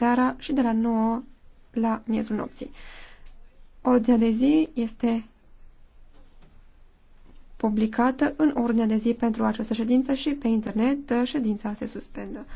seara și de la 9 la miezul nopții. Ordinea de zi este publicată în ordinea de zi pentru această ședință și pe internet ședința se suspendă.